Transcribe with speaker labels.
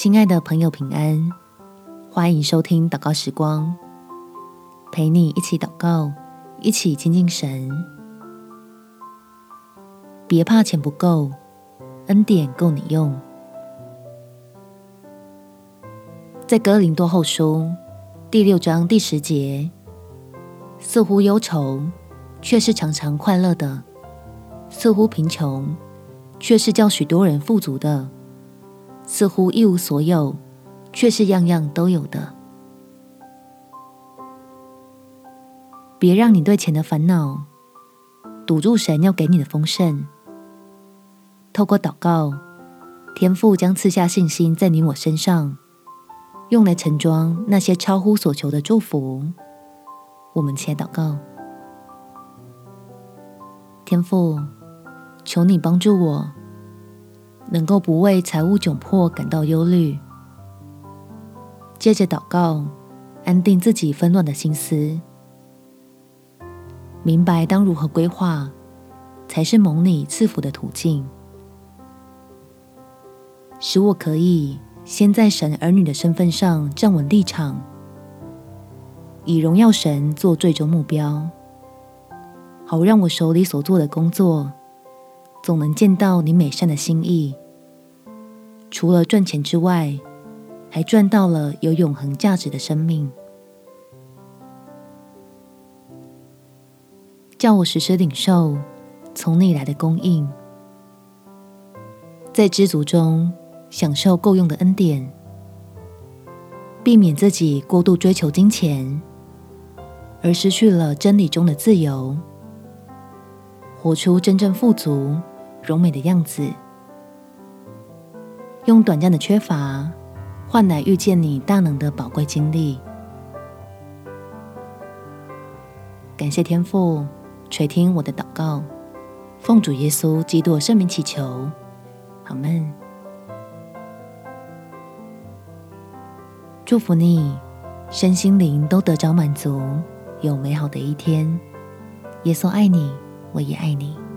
Speaker 1: 親愛的朋友，平安！歡迎收聽禱告時光，陪你一起禱告，一起親近神。別怕錢不夠，恩典夠你用。在哥林多後書第六章第十節，似乎憂愁，卻是常常快樂的；似乎貧窮，卻是叫許多人富足的。似乎一無所有，卻是樣樣都有的。別讓你對錢的煩惱，堵住神要給你的豐盛。透過禱告，天父將賜下信心在你我身上，用來盛裝那些超乎所求的祝福。我們起來禱告，天父，求你幫助我。能夠不為財務窘迫感到憂慮，借着禱告安定自己紛亂的心思，明白當如何規劃才是蒙你賜福的途徑，使我可以先在神兒女的身份上站穩立場，以榮耀神做最終目標，好讓我手裡所做的工作，總能見到你美善的心意，除了賺錢之外，還賺到了有永恆價值的生命。叫我時時領受從你來的供應，在知足中享受夠用的恩典，避免自己過度追求金錢，而失去了真理中的自由，活出真正富足。柔美的樣子，用短暫的缺乏換來遇見你大能的寶貴經歷。感謝天父垂聽我的禱告，奉主耶穌基督聖名祈求，阿們。祝福你，身心靈都得着滿足，有美好的一天。耶穌愛你，我也愛你。